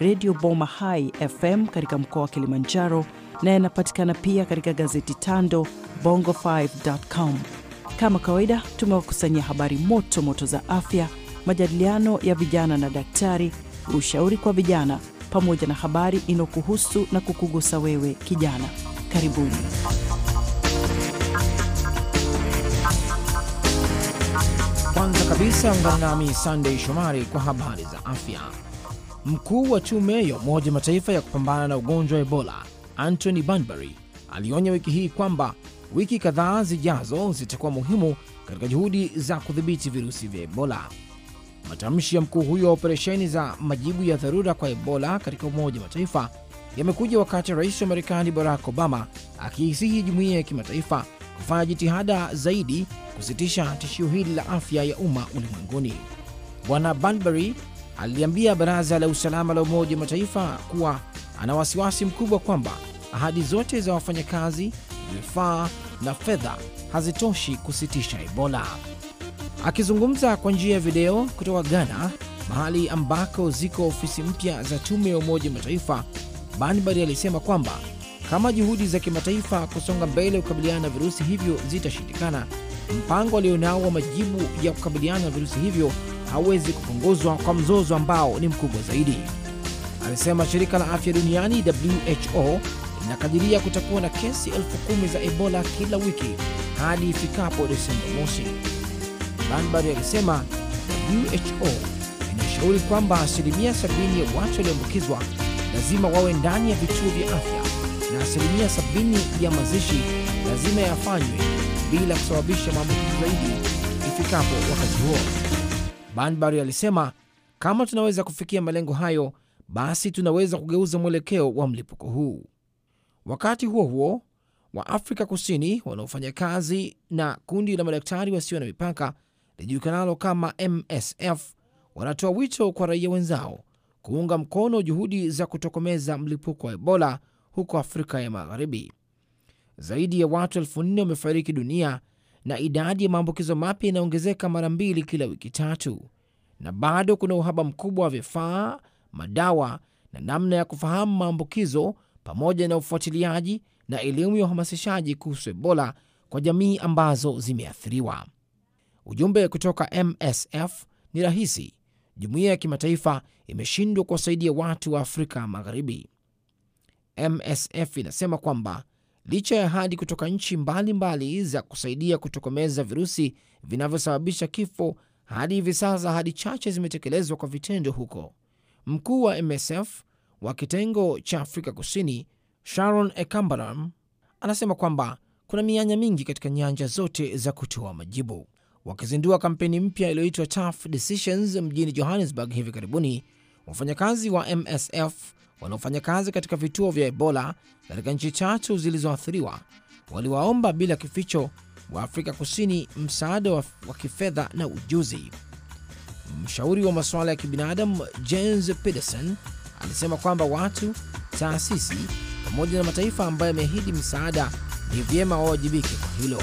redio Boma Hai FM katika mkoa wa Kilimanjaro na yanapatikana pia katika gazeti Tando Bongo5.com. Kama kawaida, tumewakusanyia habari moto moto za afya, majadiliano ya vijana na daktari, ushauri kwa vijana, pamoja na habari inayokuhusu na kukugusa wewe kijana. Karibuni. Kwanza kabisa, ungana nami Sandey Shomari kwa habari za afya. Mkuu wa tume ya Umoja Mataifa ya kupambana na ugonjwa wa Ebola Anthony Banbury alionya wiki hii kwamba wiki kadhaa zijazo zitakuwa muhimu katika juhudi za kudhibiti virusi vya Ebola. Matamshi ya mkuu huyo wa operesheni za majibu ya dharura kwa Ebola katika Umoja wa Mataifa yamekuja wakati rais wa Marekani Barack Obama akiisihi jumuiya ya kimataifa kufanya jitihada zaidi kusitisha tishio hili la afya ya umma ulimwenguni. Bwana Banbury aliliambia Baraza la Usalama la Umoja wa Mataifa kuwa ana wasiwasi mkubwa kwamba ahadi zote za wafanyakazi, vifaa na fedha hazitoshi kusitisha Ebola. Akizungumza kwa njia ya video kutoka Ghana, mahali ambako ziko ofisi mpya za tume ya Umoja wa Mataifa, Banbari alisema kwamba kama juhudi za kimataifa kusonga mbele kukabiliana na virusi hivyo zitashindikana, mpango alionao wa majibu ya kukabiliana na virusi hivyo hauwezi kupunguzwa kwa mzozo ambao ni mkubwa zaidi, alisema. Shirika la afya duniani WHO linakadiria kutakuwa na kesi elfu kumi za Ebola kila wiki hadi ifikapo Desemba mosi. Banbari alisema WHO inashauri kwamba asilimia 70 ya watu walioambukizwa lazima wawe ndani ya vituo vya afya na asilimia 70 ya mazishi lazima yafanywe bila kusababisha maambukizi zaidi ifikapo wakati huo. Banbari alisema kama tunaweza kufikia malengo hayo, basi tunaweza kugeuza mwelekeo wa mlipuko huu. Wakati huo huo, Waafrika Kusini wanaofanya kazi na kundi la madaktari wasio na mipaka lijulikanalo kama MSF wanatoa wito kwa raia wenzao kuunga mkono juhudi za kutokomeza mlipuko wa Ebola huko Afrika ya Magharibi. Zaidi ya watu elfu nne wamefariki dunia na idadi ya maambukizo mapya inaongezeka mara mbili kila wiki tatu, na bado kuna uhaba mkubwa wa vifaa, madawa na namna ya kufahamu maambukizo, pamoja na ufuatiliaji na elimu ya uhamasishaji kuhusu Ebola kwa jamii ambazo zimeathiriwa. Ujumbe kutoka MSF ni rahisi: jumuiya ya kimataifa imeshindwa kuwasaidia watu wa Afrika Magharibi. MSF inasema kwamba licha ya ahadi kutoka nchi mbalimbali mbali za kusaidia kutokomeza virusi vinavyosababisha kifo. Hadi hivi sasa ahadi chache zimetekelezwa kwa vitendo huko. Mkuu wa MSF wa kitengo cha Afrika Kusini Sharon Ekambaram anasema kwamba kuna mianya mingi katika nyanja zote za kutoa majibu. Wakizindua kampeni mpya iliyoitwa Tough Decisions mjini Johannesburg hivi karibuni, Wafanyakazi wa MSF wanaofanya kazi katika vituo vya Ebola katika nchi tatu zilizoathiriwa waliwaomba bila kificho wa Afrika Kusini msaada wa, kifedha na ujuzi. Mshauri wa masuala ya kibinadamu James peterson alisema kwamba watu, taasisi pamoja na mataifa ambayo yameahidi msaada ni vyema wawajibike kwa hilo.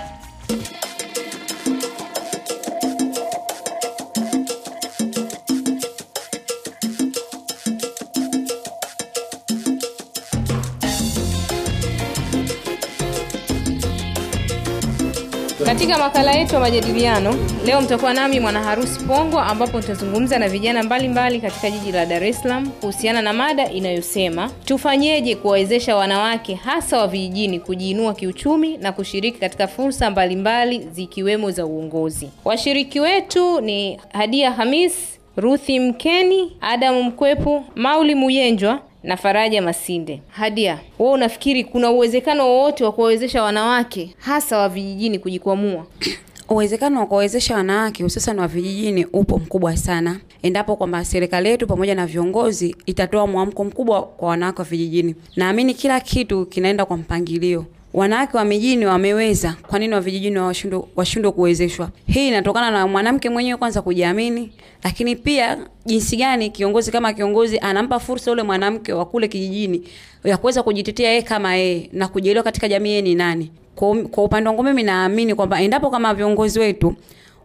Katika makala yetu ya majadiliano leo, mtakuwa nami Mwana Harusi Pongo, ambapo nitazungumza na vijana mbalimbali mbali katika jiji la Dar es Salaam kuhusiana na mada inayosema tufanyeje kuwawezesha wanawake hasa wa vijijini kujiinua kiuchumi na kushiriki katika fursa mbalimbali zikiwemo za uongozi. Washiriki wetu ni Hadia Hamis, Ruthi Mkeni, Adamu Mkwepu, Mauli Muyenjwa na Faraja Masinde. Hadia, wewe unafikiri kuna uwezekano wowote wa kuwawezesha wanawake hasa wa vijijini kujikwamua? Uwezekano wa kuwawezesha wanawake hususan wa vijijini upo mkubwa sana, endapo kwamba serikali yetu pamoja na viongozi itatoa mwamko mkubwa kwa wanawake wa vijijini. Naamini kila kitu kinaenda kwa mpangilio wanawake wa mijini wameweza, kwa nini wa vijijini washindwe washindwe kuwezeshwa? Hii inatokana na mwanamke mwenyewe kwanza kujiamini, lakini pia jinsi gani kiongozi kama kiongozi anampa fursa ule mwanamke wa kule kijijini ya kuweza kujitetea yeye kama yeye na kujielewa katika jamii yeye ni nani. Kwa, kwa upande wangu mimi naamini kwamba endapo kama viongozi wetu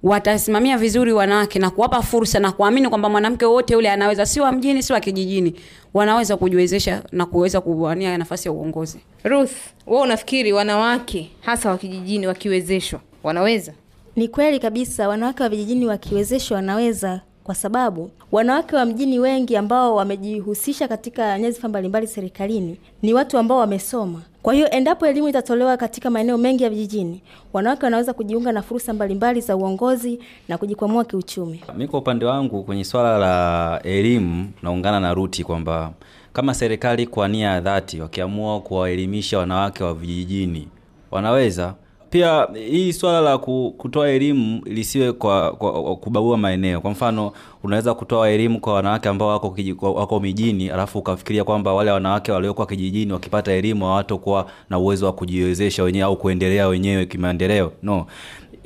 watasimamia vizuri wanawake na kuwapa fursa na kuamini kwamba mwanamke wote yule anaweza, si wa mjini, si wa kijijini, wanaweza kujiwezesha na kuweza kuwania nafasi ya uongozi. Ruth, wewe unafikiri wanawake hasa wa kijijini wakiwezeshwa wanaweza? Ni kweli kabisa, wanawake wa vijijini wakiwezeshwa wanaweza kwa sababu wanawake wa mjini wengi ambao wamejihusisha katika nyadhifa mbalimbali serikalini ni watu ambao wamesoma. Kwa hiyo endapo elimu itatolewa katika maeneo mengi ya vijijini, wanawake wanaweza kujiunga na fursa mbalimbali za uongozi na kujikwamua kiuchumi. mi kwa upande wangu kwenye swala la elimu naungana na Ruti kwamba kama serikali kwa nia ya dhati wakiamua kuwaelimisha wanawake wa vijijini wanaweza pia hii swala la kutoa elimu lisiwe kwa, kwa kubagua maeneo. Kwa mfano, unaweza kutoa elimu kwa wanawake ambao wako, wako mijini alafu ukafikiria kwamba wale wanawake waliokuwa kijijini wakipata elimu hawatakuwa na uwezo wa kujiwezesha wenyewe au kuendelea wenyewe kimaendeleo. No,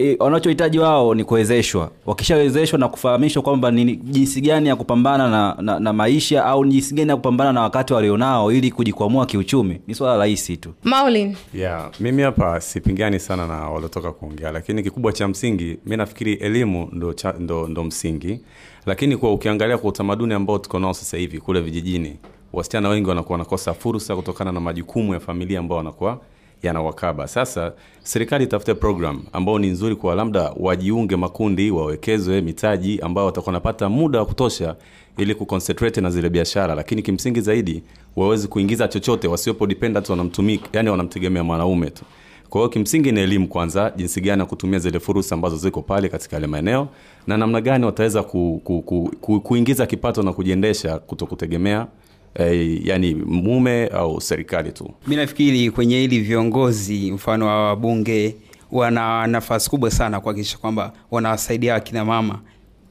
E, wanachohitaji wao ni kuwezeshwa. Wakishawezeshwa na kufahamishwa kwamba ni jinsi gani ya kupambana na, na, na maisha au ni jinsi gani ya kupambana na wakati walionao ili kujikwamua kiuchumi, ni swala rahisi tu. Maulin. Yeah, mimi hapa sipingani sana na waliotoka kuongea, lakini kikubwa cha msingi mi nafikiri elimu ndo, cha, ndo, ndo msingi, lakini kwa ukiangalia kwa utamaduni ambao tuko nao sasa hivi kule vijijini, wasichana wengi wanakuwa wanakosa fursa kutokana na majukumu ya familia ambao wanakuwa yanawakaba. Sasa serikali itafute program ambao ni nzuri kwa labda wajiunge makundi, wawekezwe mitaji ambao watakuwa wanapata muda wa kutosha ili kuconcentrate na zile biashara, lakini kimsingi zaidi waweze kuingiza chochote, wasiopo dependent wanamtumika, yani wanamtegemea mwanaume tu. Kwa hiyo kimsingi ni elimu kwanza, jinsi gani ya kutumia zile fursa ambazo ziko pale katika yale maeneo na namna gani wataweza ku, ku, ku, ku, kuingiza kipato na kujiendesha kutokutegemea eh, yani mume au serikali tu. Mi nafikiri kwenye hili viongozi mfano wa wabunge wana nafasi kubwa sana kuhakikisha kwamba wanawasaidia wakina mama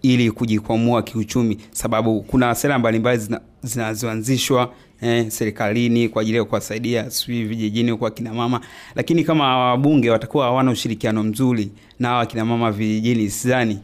ili kujikwamua kiuchumi, sababu kuna sera mbalimbali zinazoanzishwa zina eh, serikalini kwa ajili ya kuwasaidia sijui vijijini kwa kina mama, lakini kama wabunge watakuwa hawana ushirikiano mzuri na hawa kina mama vijijini, sidhani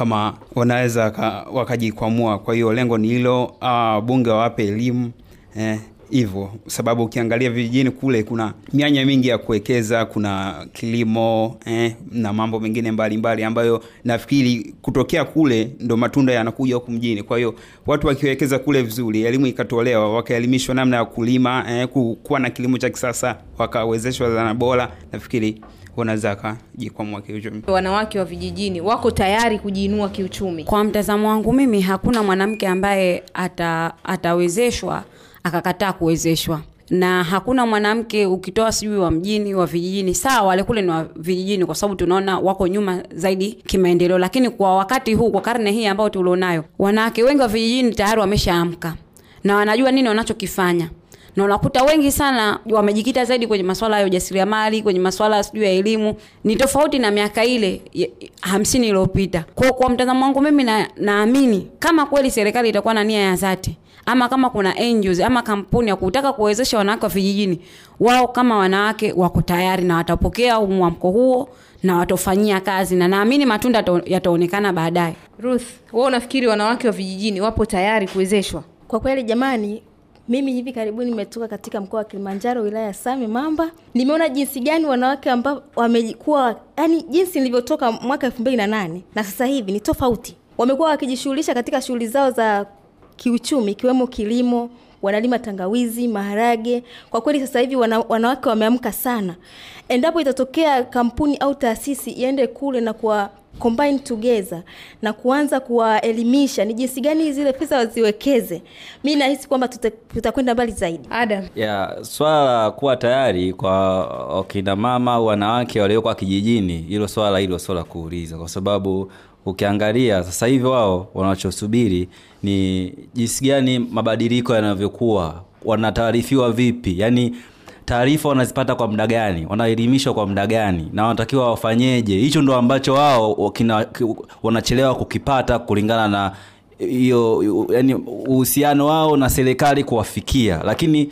kama wanaweza wakajikwamua. Kwa hiyo lengo ni hilo, wabunge ah, wawape elimu eh, hivyo sababu ukiangalia vijijini kule kuna mianya mingi ya kuwekeza, kuna kilimo eh, na mambo mengine mbalimbali mbali, ambayo nafikiri kutokea kule ndo matunda yanakuja huku mjini. Kwa hiyo watu wakiwekeza kule vizuri, elimu ikatolewa, wakaelimishwa namna ya kulima eh, kuwa na kilimo cha kisasa, wakawezeshwa zana bora, nafikiri wanaweza wakajikwamua kiuchumi. Wanawake wa vijijini wako tayari kujiinua kiuchumi. Kwa mtazamo wangu mimi, hakuna mwanamke ambaye ata, atawezeshwa akakataa kuwezeshwa na hakuna mwanamke ukitoa sijui wa mjini wa vijijini, sawa, wale kule ni wa vijijini, kwa sababu tunaona wako nyuma zaidi kimaendeleo, lakini kwa wakati huu, kwa karne hii ambayo tulionayo, wanawake wengi wa vijijini tayari wameshaamka na wanajua nini wanachokifanya na unakuta wengi sana wamejikita zaidi kwenye maswala ya ujasiriamali kwenye maswala sijui ya elimu ni tofauti na miaka ile hamsini iliyopita kwa, kwa mtazamo wangu mimi na, naamini kama kweli serikali itakuwa na nia ya zati ama kama kuna angels, ama kampuni ya kutaka kuwezesha wanawake wa vijijini, wao kama wanawake wako tayari na watapokea umwamko huo na watofanyia kazi, na naamini matunda yataonekana baadaye. Ruth, wewe unafikiri wanawake wa vijijini wapo tayari kuwezeshwa? Kwa kweli jamani, mimi hivi karibuni nimetoka katika mkoa wa Kilimanjaro, wilaya ya Same Mamba. Nimeona jinsi gani wanawake ambao wamekuwa, yani jinsi nilivyotoka mwaka elfu mbili na nane na sasa hivi ni tofauti. Wamekuwa wakijishughulisha katika shughuli zao za kiuchumi ikiwemo kilimo, wanalima tangawizi, maharage. Kwa kweli sasa hivi wana, wanawake wameamka sana. Endapo itatokea kampuni au taasisi iende kule na kwa combine together na kuanza kuwaelimisha ni jinsi gani zile pesa waziwekeze, mi nahisi kwamba tutakwenda mbali zaidi. Adam, yeah, swala la kuwa tayari kwa wakina mama au wanawake walioko kijijini, hilo swala hilo sio la kuuliza, kwa sababu ukiangalia sasa hivi wao wanachosubiri ni jinsi gani mabadiliko yanavyokuwa, wanataarifiwa vipi, yani taarifa wanazipata kwa muda gani, wanaelimishwa kwa muda gani, na wanatakiwa wafanyeje. Hicho ndo ambacho wao wanachelewa kukipata kulingana na hiyo, yani uhusiano wao na serikali kuwafikia, lakini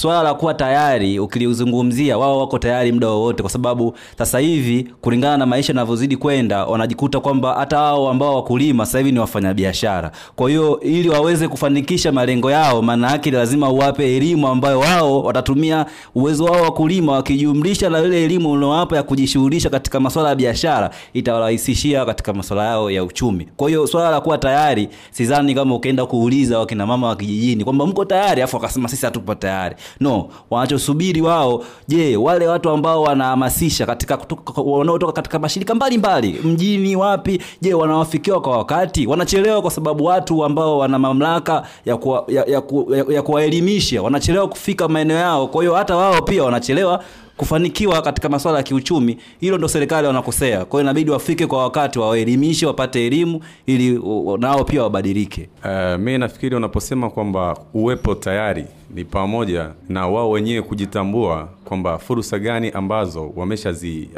swala la kuwa tayari ukiliuzungumzia, wao wako tayari muda wowote, kwa sababu sasa hivi kulingana na maisha yanavyozidi kwenda, wanajikuta kwamba hata hao ambao wakulima sasa hivi ni wafanyabiashara. Kwa hiyo ili waweze kufanikisha malengo yao, maana yake lazima uwape elimu ambayo wao watatumia uwezo wao wa kulima, wakijumlisha na ile elimu unaowapa ya kujishughulisha katika masuala ya biashara, itawarahisishia katika masuala yao ya uchumi. Kwa hiyo swala la kuwa tayari, sidhani kama ukienda kuuliza wakinamama wa kijijini kwamba mko tayari, afu akasema sisi hatupo tayari no wanachosubiri wao je wale watu ambao wanahamasisha katika wanaotoka katika mashirika mbalimbali mbali, mjini wapi je wanawafikiwa kwa wakati wanachelewa kwa sababu watu ambao wana mamlaka ya kuwaelimisha ya, ya, ya, ya, wanachelewa kufika maeneo yao kwa hiyo hata wao pia wanachelewa kufanikiwa katika masuala ya kiuchumi, hilo ndo serikali wanakosea. kwao inabidi wafike kwa wakati, wawaelimishe, wapate elimu ili nao pia wabadilike. Uh, eh, mi nafikiri unaposema kwamba uwepo tayari ni pamoja na wao wenyewe kujitambua kwamba fursa gani ambazo wameshazi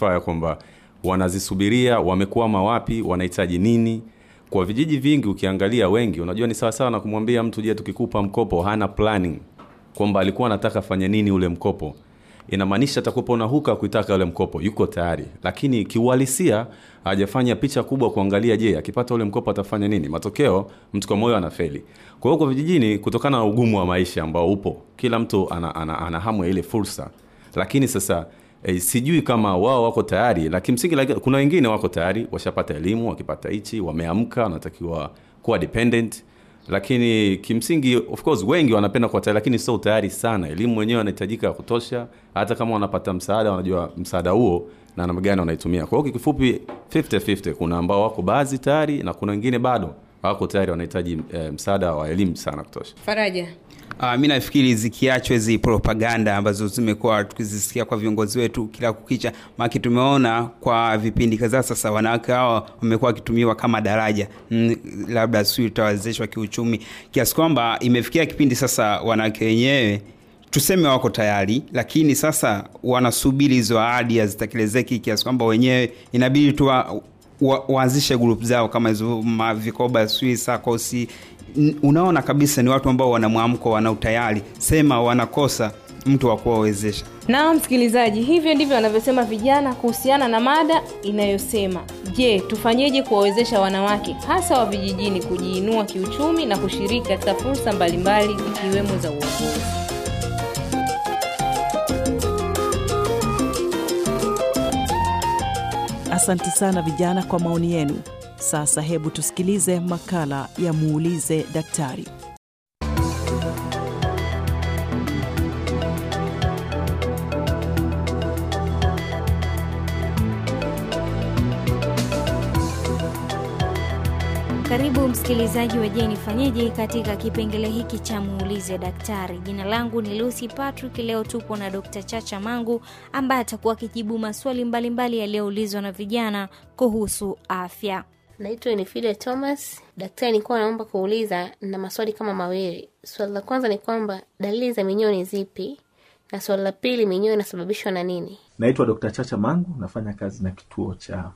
uh, eh, kwamba wanazisubiria, wamekwama wapi, wanahitaji nini kwa vijiji vingi ukiangalia, wengi unajua, ni sawasawa na kumwambia mtu je, tukikupa mkopo, hana planning kwamba alikuwa anataka fanya nini ule mkopo inamaanisha atakupa na huka kuitaka ule mkopo yuko tayari lakini kiuhalisia hajafanya picha kubwa kuangalia je akipata ule mkopo atafanya nini matokeo mtu kwa moyo anafeli kwa hiyo kwa vijijini kutokana na ugumu wa maisha ambao upo kila mtu ana, ana, ana, ana hamu ya ile fursa lakini sasa E, sijui kama wao wako tayari lakini msingi laki, kuna wengine wako tayari washapata elimu wakipata hichi wameamka wanatakiwa kuwa dependent lakini kimsingi of course wengi wanapenda kuwa tayari lakini sio tayari sana elimu wenyewe wanahitajika ya kutosha hata kama wanapata msaada wanajua msaada huo na namna gani wanaitumia kwa hiyo kifupi 50 50 kuna ambao wako baadhi tayari na kuna wengine bado wako tayari wanahitaji e, msaada wa elimu sana kutosha. Faraja. Uh, mi nafikiri zikiachwe hizi propaganda ambazo zimekuwa tukizisikia kwa viongozi wetu kila kukicha, maki tumeona kwa vipindi kadhaa sasa wanawake hawa wamekuwa wakitumiwa kama daraja mm, labda sijui utawezeshwa kiuchumi, kiasi kwamba imefikia kipindi sasa wanawake wenyewe tuseme wako tayari, lakini sasa wanasubiri hizo ahadi hazitekelezeki, kiasi kwamba wenyewe inabidi tu wa, waanzishe grup zao kama hizo mavikoba sakosi unaona kabisa ni watu ambao wana mwamko wana utayari sema wanakosa mtu wa kuwawezesha na msikilizaji hivyo ndivyo wanavyosema vijana kuhusiana na mada inayosema je tufanyeje kuwawezesha wanawake hasa wa vijijini kujiinua kiuchumi na kushiriki katika fursa mbalimbali ikiwemo za uongozi Asante sana vijana kwa maoni yenu. Sasa hebu tusikilize makala ya muulize daktari. Karibu msikilizaji wa Je Nifanyeje katika kipengele hiki cha muulize daktari. Jina langu ni Lucy Patrick. Leo tupo na Dr. Chacha Mangu ambaye atakuwa akijibu maswali mbalimbali yaliyoulizwa na vijana kuhusu afya. Naitwa Enifida Thomas. Daktari, nilikuwa naomba kuuliza na maswali kama mawili. Swali la kwanza ni kwamba dalili za minyoo ni zipi, na swali la pili, minyoo inasababishwa na nini? Naitwa Dr. Chacha Mangu, nafanya kazi na kituo cha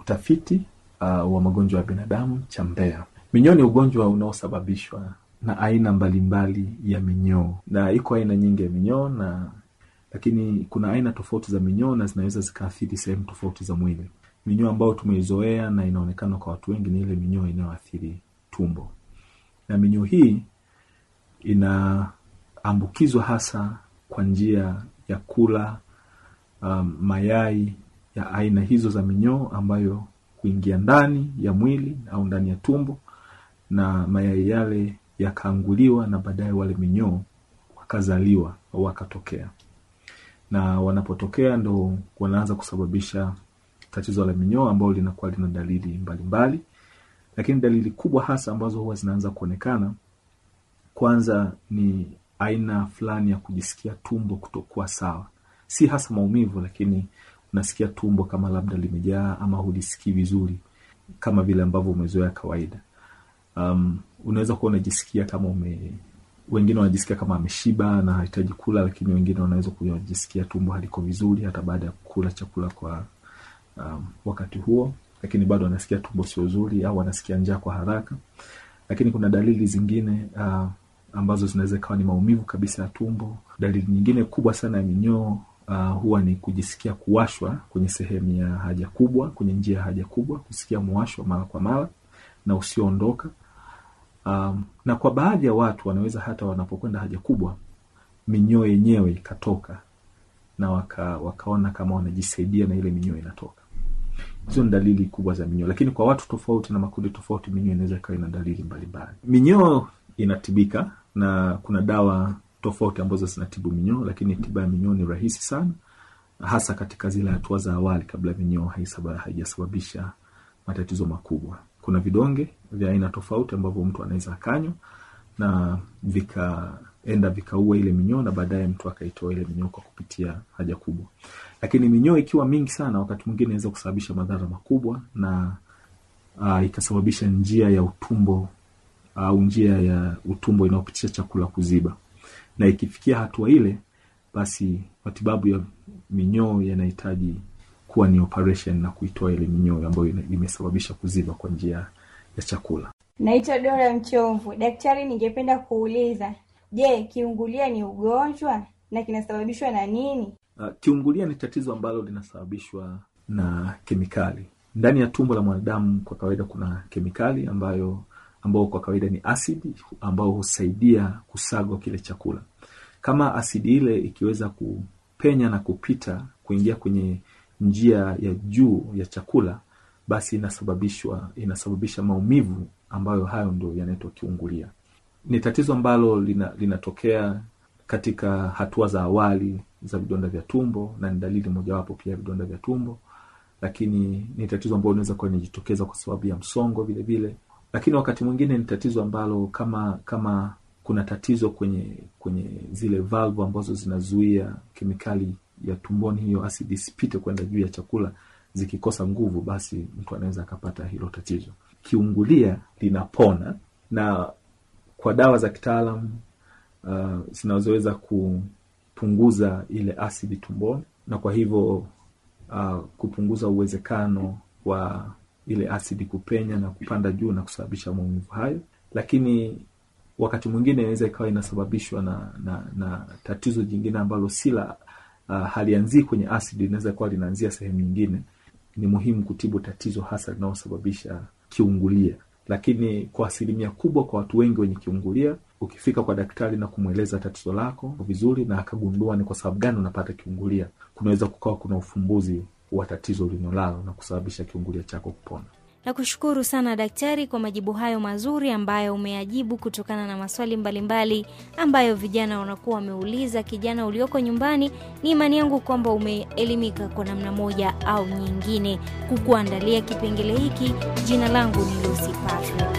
utafiti uh, wa magonjwa ya binadamu cha mbea Minyoo ni ugonjwa unaosababishwa na aina mbalimbali mbali ya minyoo, na iko aina nyingi ya minyoo na lakini kuna aina tofauti za minyoo na zinaweza zikaathiri sehemu tofauti za mwili. Minyoo ambayo tumeizoea na inaonekana kwa watu wengi ni ile minyoo inayoathiri tumbo, na minyoo hii inaambukizwa hasa kwa njia ya kula um, mayai ya aina hizo za minyoo ambayo kuingia ndani ya mwili au ndani ya tumbo, na mayai yale yakaanguliwa, na baadaye wale minyoo wakazaliwa au wakatokea, na wanapotokea ndo wanaanza kusababisha tatizo la minyoo ambalo linakuwa lina dalili mbalimbali mbali. Lakini dalili kubwa hasa ambazo huwa zinaanza kuonekana kwanza ni aina fulani ya kujisikia tumbo kutokuwa sawa, si hasa maumivu, lakini unasikia tumbo kama labda limejaa ama hulisikii vizuri kama vile ambavyo umezoea kawaida. Um, unaweza kuwa unajisikia kama ume, wengine wanajisikia kama ameshiba na hahitaji kula, lakini wengine wanaweza kujisikia tumbo haliko vizuri hata baada ya kula chakula kwa um, wakati huo, lakini bado wanasikia tumbo sio zuri au wanasikia njaa kwa haraka. Lakini kuna dalili zingine uh, ambazo zinaweza ikawa ni maumivu kabisa ya tumbo. Dalili nyingine kubwa sana ya minyoo uh, huwa ni kujisikia kuwashwa kwenye sehemu ya haja kubwa, kwenye njia ya haja kubwa, kusikia mwasho mara kwa mara na usioondoka. Um, na kwa baadhi ya watu wanaweza hata wanapokwenda haja kubwa minyoo yenyewe ikatoka na waka, wakaona kama wanajisaidia na ile minyoo inatoka. Hizo ni dalili kubwa za minyoo, lakini kwa watu tofauti na makundi tofauti minyoo inaweza ikawa ina dalili mbalimbali. Minyoo inatibika na kuna dawa tofauti ambazo zinatibu minyoo, lakini tiba ya minyoo ni rahisi sana, hasa katika zile hatua za awali kabla minyoo haijasababisha matatizo makubwa. Kuna vidonge vya aina tofauti ambavyo mtu anaweza akanywa na vikaenda vikaua ile minyoo na baadaye mtu akaitoa ile minyoo kwa kupitia haja kubwa. Lakini minyoo ikiwa mingi sana, wakati mwingine inaweza kusababisha madhara makubwa na uh, ikasababisha njia ya utumbo au uh, njia ya utumbo inayopitisha chakula kuziba na ikifikia hatua ile, basi matibabu ya minyoo yanahitaji kuwa ni operation na kuitoa ile minyoo ambayo imesababisha kuziba kwa njia ya chakula. Naitwa Dora Mchomvu. Daktari, ningependa kuuliza, je, kiungulia ni ugonjwa na kinasababishwa na nini? Uh, kiungulia ni tatizo ambalo linasababishwa na kemikali ndani ya tumbo la mwanadamu. Kwa kawaida kuna kemikali ambayo ambao kwa kawaida ni asidi ambao husaidia kusagwa kile chakula. Kama asidi ile ikiweza kupenya na kupita kuingia kwenye njia ya juu ya chakula, basi inasababishwa inasababisha maumivu ambayo hayo ndio yanaitwa kiungulia. Ni tatizo ambalo lina, linatokea katika hatua za awali za vidonda vya tumbo na ni dalili mojawapo pia vidonda vya tumbo, lakini ni tatizo ambalo linaweza kuwa linajitokeza kwa sababu ya msongo vilevile vile lakini wakati mwingine ni tatizo ambalo kama kama kuna tatizo kwenye kwenye zile valvu ambazo zinazuia kemikali ya tumboni hiyo asidi isipite kwenda juu ya chakula, zikikosa nguvu, basi mtu anaweza akapata hilo tatizo. Kiungulia linapona na kwa dawa za kitaalam uh, zinazoweza kupunguza ile asidi tumboni na kwa hivyo uh, kupunguza uwezekano wa ile asidi kupenya na kupanda juu na kusababisha maumivu hayo, lakini wakati mwingine inaweza ikawa inasababishwa na, na, na tatizo jingine ambalo si la uh, halianzii kwenye asidi, inaweza kuwa linaanzia sehemu nyingine. Ni muhimu kutibu tatizo hasa linalosababisha kiungulia, lakini kwa asilimia kubwa, kwa watu wengi wenye kiungulia, ukifika kwa daktari na kumweleza tatizo lako vizuri na akagundua ni kwa sababu gani unapata kiungulia, kunaweza kukawa kuna ufumbuzi wa tatizo ulinolalo na kusababisha kiungulia chako kupona. Nakushukuru sana daktari kwa majibu hayo mazuri ambayo umeyajibu kutokana na maswali mbalimbali mbali ambayo vijana wanakuwa wameuliza. Kijana ulioko nyumbani, ni imani yangu kwamba umeelimika kwa namna moja au nyingine. Kukuandalia kipengele hiki, jina langu ni Lucy Patrick.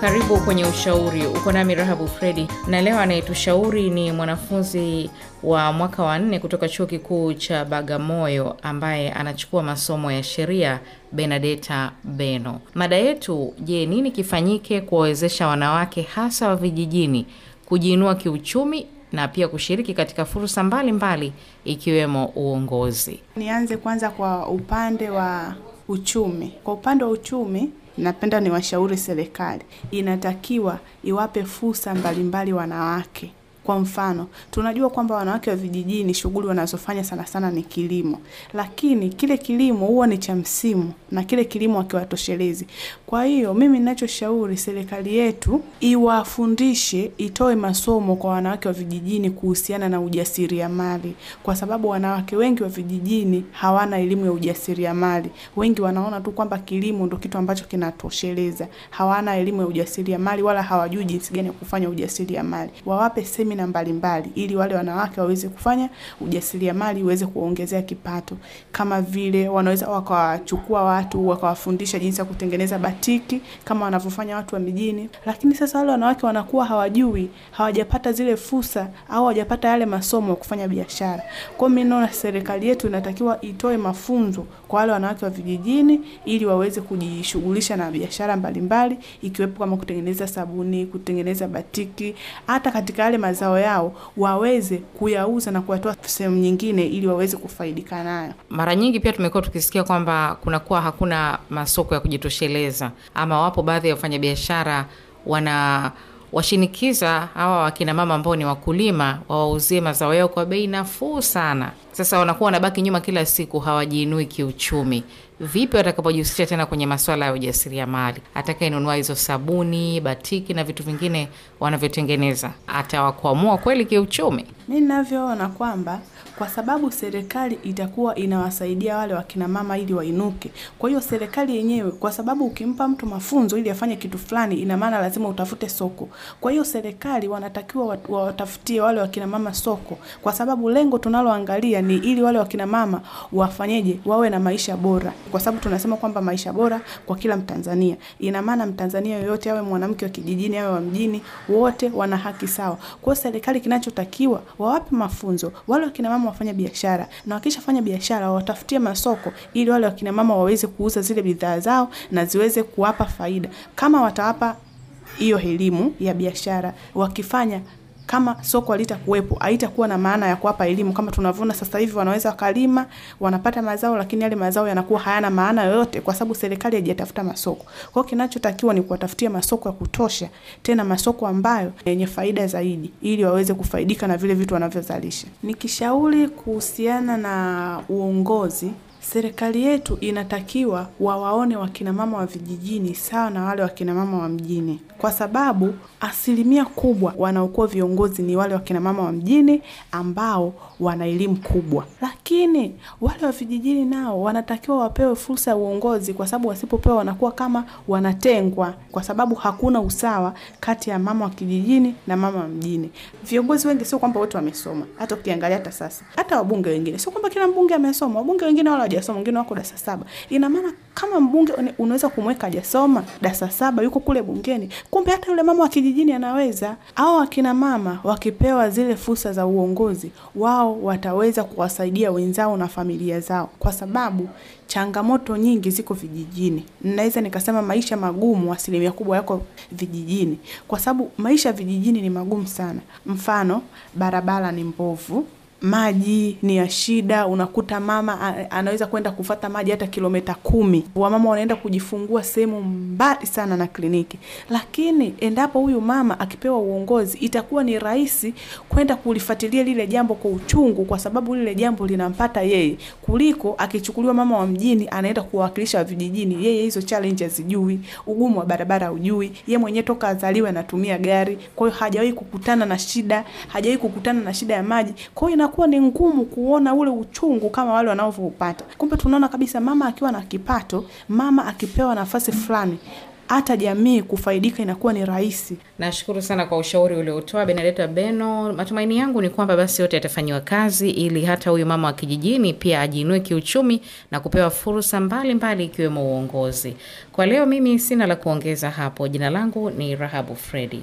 Karibu kwenye ushauri. Uko nami Rahabu Fredi, na leo anayetushauri ni mwanafunzi wa mwaka wa nne kutoka chuo kikuu cha Bagamoyo ambaye anachukua masomo ya sheria, Benadeta Beno. Mada yetu, je, nini kifanyike kuwawezesha wanawake hasa wa vijijini kujiinua kiuchumi na pia kushiriki katika fursa mbalimbali ikiwemo uongozi? Nianze kwanza kwa upande wa uchumi. Kwa upande wa uchumi napenda niwashauri serikali inatakiwa iwape fursa mbalimbali wanawake kwa mfano, tunajua kwamba wanawake wa vijijini shughuli wanazofanya sana sana ni kilimo, lakini kile kilimo huwa ni cha msimu na kile kilimo hakiwatoshelezi. Kwa hiyo mimi ninachoshauri serikali yetu iwafundishe, itoe masomo kwa wanawake wa vijijini kuhusiana na ujasiriamali, kwa sababu wanawake wengi wa vijijini hawana elimu ya ujasiriamali. Wengi wanaona tu kwamba kilimo ndo kitu ambacho kinatosheleza, hawana elimu ya ujasiriamali wala hawajui jinsi gani ya kufanya ujasiriamali. Wawape semina semina mbalimbali ili wale wanawake waweze kufanya ujasiriamali uweze kuongezea kipato. Kama vile wanaweza wakawachukua watu wakawafundisha jinsi ya kutengeneza batiki kama wanavyofanya watu wa mijini, lakini sasa wale wanawake wanakuwa hawajui, hawajapata zile fursa au hawajapata yale masomo ya kufanya biashara. Kwa hiyo naona serikali yetu inatakiwa itoe mafunzo kwa wale wanawake wa vijijini ili waweze kujishughulisha na biashara mbalimbali ikiwepo kama kutengeneza sabuni, kutengeneza batiki, hata katika yale mazao yao waweze kuyauza na kuyatoa sehemu nyingine ili waweze kufaidika nayo. Mara nyingi pia tumekuwa tukisikia kwamba kunakuwa hakuna masoko ya kujitosheleza ama wapo baadhi ya wafanyabiashara wana washinikiza hawa wakina mama ambao ni wakulima wawauzie mazao yao kwa bei nafuu sana. Sasa wanakuwa wanabaki nyuma kila siku, hawajiinui kiuchumi vipi watakapojihusisha tena kwenye masuala ya ujasiria mali Atakayenunua hizo sabuni, batiki na vitu vingine wanavyotengeneza, atawakwamua kweli kiuchumi? Mi ninavyoona kwamba kwa sababu serikali itakuwa inawasaidia wale wakina mama ili wainuke. Kwa hiyo serikali yenyewe, kwa sababu ukimpa mtu mafunzo ili afanye kitu fulani, ina maana lazima utafute soko. Kwa hiyo serikali wanatakiwa wawatafutie wale wakina mama soko, kwa sababu lengo tunaloangalia ni ili wale wakina mama wafanyeje, wawe na maisha bora kwa sababu tunasema kwamba maisha bora kwa kila Mtanzania. Ina maana Mtanzania yoyote, awe mwanamke wa kijijini, awe wa mjini, wote wana haki sawa. Kwa hiyo serikali kinachotakiwa wawape mafunzo wale wakina mama wafanya biashara, na wakishafanya biashara watafutie masoko, ili wale wakina mama waweze kuuza zile bidhaa zao na ziweze kuwapa faida. Kama watawapa hiyo elimu ya biashara, wakifanya kama soko halitakuwepo haitakuwa na maana ya kuwapa elimu. Kama tunavuna sasa hivi, wanaweza wakalima, wanapata mazao, lakini yale mazao yanakuwa hayana maana yoyote, kwa sababu serikali haijatafuta masoko. Kwa hiyo kinachotakiwa ni kuwatafutia masoko ya kutosha, tena masoko ambayo yenye faida zaidi, ili waweze kufaidika na vile vitu wanavyozalisha. Nikishauri kuhusiana na uongozi Serikali yetu inatakiwa wawaone wakinamama wa vijijini sawa na wale wakinamama wa mjini kwa sababu asilimia kubwa wanaokuwa viongozi ni wale wakinamama wa mjini ambao wana elimu kubwa, lakini wale wa vijijini nao wanatakiwa wapewe fursa ya uongozi, kwa sababu wasipopewa wanakuwa kama wanatengwa, kwa sababu hakuna usawa kati ya mama wa kijijini na mama wa mjini. Viongozi wengi sio kwamba wote wamesoma, hata ukiangalia hata sasa, hata wabunge wengine sio kwamba kila mbunge amesoma. Wabunge wengine wala hawajasoma, wengine wako darasa saba. Ina maana kama mbunge unaweza kumweka hajasoma darasa saba, yuko kule bungeni, Kumbe hata yule mama wa kijijini anaweza. Au akina mama wakipewa zile fursa za uongozi, wao wataweza kuwasaidia wenzao na familia zao, kwa sababu changamoto nyingi ziko vijijini. Naweza nikasema maisha magumu asilimia kubwa yako vijijini, kwa sababu maisha vijijini ni magumu sana. Mfano, barabara ni mbovu, maji ni ya shida. Unakuta mama anaweza kwenda kufata maji hata kilomita kumi. Wamama wanaenda kujifungua sehemu mbali sana na kliniki, lakini endapo huyu mama akipewa uongozi, itakuwa ni rahisi kwenda kulifuatilia lile jambo kwa uchungu, kwa sababu lile jambo linampata yeye, kuliko akichukuliwa mama wa mjini anaenda kuwawakilisha vijijini. Yeye hizo challenge hazijui, ugumu wa barabara ujui ye mwenyewe toka azaliwe anatumia gari, kwa hiyo hajawahi kukutana na shida, hajawahi kukutana na shida ya maji, kwa hiyo inakuwa ni ngumu kuona ule uchungu kama wale wanaoupata. Kumbe tunaona kabisa mama akiwa na kipato, mama akipewa nafasi fulani hata jamii kufaidika inakuwa ni rahisi. Nashukuru sana kwa ushauri uliotoa Benedetta Beno. Matumaini yangu ni kwamba basi yote yatafanyiwa kazi ili hata huyu mama wa kijijini pia ajiinue kiuchumi na kupewa fursa mbalimbali ikiwemo uongozi. Kwa leo mimi sina la kuongeza hapo. Jina langu ni Rahabu Fredi.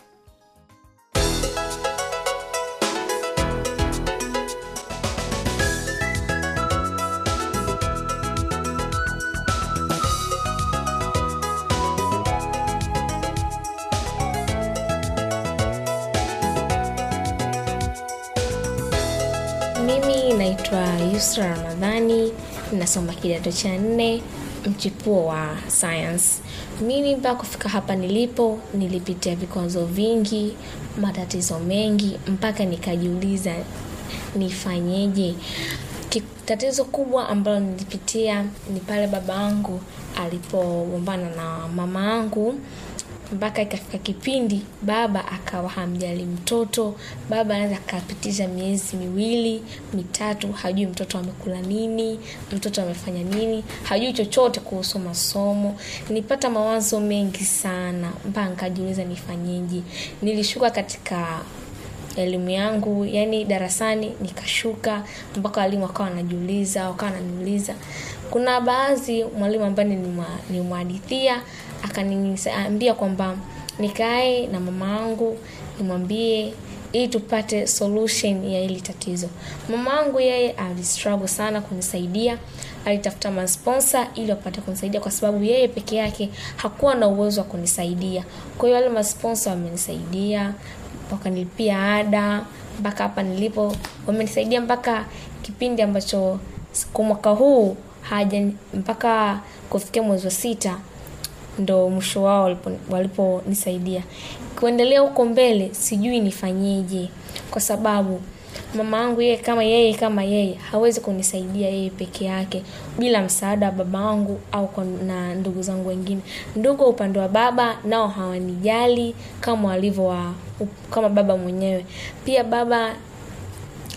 naitwa Yusra Ramadhani, nasoma kidato cha nne mchipuo wa science. Mimi mpaka kufika hapa nilipo, nilipitia vikwazo vingi, matatizo mengi, mpaka nikajiuliza nifanyeje. Tatizo kubwa ambalo nilipitia ni pale baba yangu alipogombana na mama yangu mpaka ikafika kipindi baba akawa hamjali mtoto. Baba anaweza akapitisha miezi miwili mitatu, hajui mtoto amekula nini, mtoto amefanya nini, hajui chochote kuhusu masomo. Nilipata mawazo mengi sana mpaka nikajiuliza nifanyeje. Nilishuka katika elimu yangu yani darasani nikashuka mpaka walimu wakawa wanajiuliza wakawa wananiuliza kuna baadhi mwalimu ambaye nimwadithia akaniambia kwamba nikae na mama yangu nimwambie ili tupate solution ya hili tatizo mama yangu yeye alistruggle sana kunisaidia alitafuta masponsa ili wapate kunisaidia kwa sababu yeye peke yake hakuwa na uwezo wa kunisaidia kwa hiyo wale masponsa wamenisaidia wakanilipia ada mpaka hapa nilipo wamenisaidia mpaka kipindi ambacho kwa mwaka huu haja mpaka kufikia mwezi wa sita ndo mwisho wao waliponisaidia walipo kuendelea huko mbele sijui nifanyeje kwa sababu mama yangu yeye kama yeye kama yeye hawezi kunisaidia yeye peke yake bila msaada wa baba wangu au na ndugu zangu wengine ndugu upande wa baba nao hawanijali kama walivyo wa kama baba mwenyewe pia baba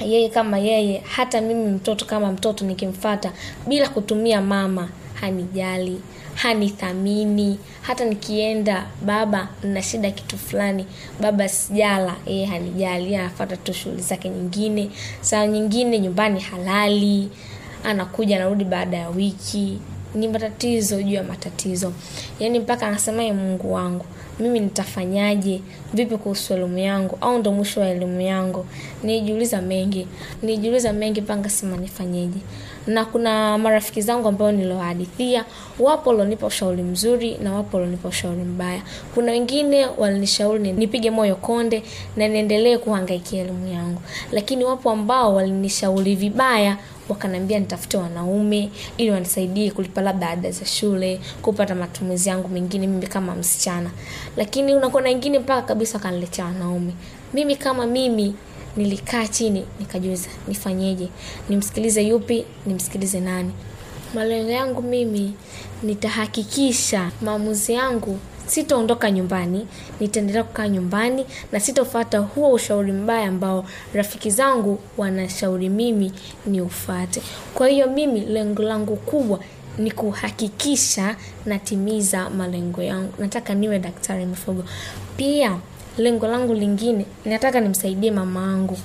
yeye kama yeye, hata mimi mtoto kama mtoto nikimfata bila kutumia mama, hanijali hanithamini. Hata nikienda baba, nina shida kitu fulani, baba sijala, yeye hanijali, anafata anafuata tu shughuli zake nyingine. Saa nyingine nyumbani halali, anakuja anarudi baada ya wiki ni matatizo juu ya matatizo yaani mpaka anasema ye ee mungu wangu mimi nitafanyaje vipi kuhusu elimu yangu au ndo mwisho wa elimu yangu nijiuliza mengi nijiuliza mengi mpaka sema nifanyeje na kuna marafiki zangu ambao niliwahadithia wapo walionipa ushauri mzuri na wapo walionipa ushauri mbaya kuna wengine walinishauri nipige moyo konde na niendelee kuhangaikia elimu yangu lakini wapo ambao walinishauri vibaya wakanambia nitafute wanaume ili wanisaidie kulipa labda ada za shule, kupata matumizi yangu mengine mimi kama msichana. Lakini unakuwa na wengine mpaka kabisa wakaniletea wanaume. Mimi kama mimi nilikaa chini nikajuza nifanyeje, nimsikilize yupi, nimsikilize nani? Malengo yangu mimi nitahakikisha maamuzi yangu sitaondoka nyumbani, nitaendelea kukaa nyumbani na sitofuata huo ushauri mbaya ambao rafiki zangu wanashauri mimi niufate. Kwa hiyo mimi lengo langu kubwa ni kuhakikisha natimiza malengo yangu. Nataka niwe daktari mfugo Pia lengo langu lingine nataka nimsaidie mama yangu.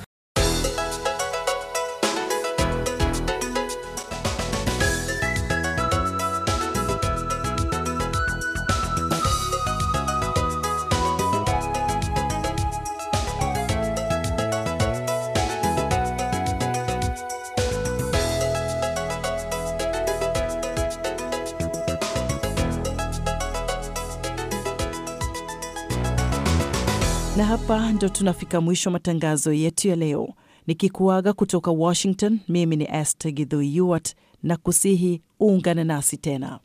Na hapa ndo tunafika mwisho matangazo yetu ya leo, nikikuaga kutoka Washington. Mimi ni Esther Githui na kusihi uungane nasi tena.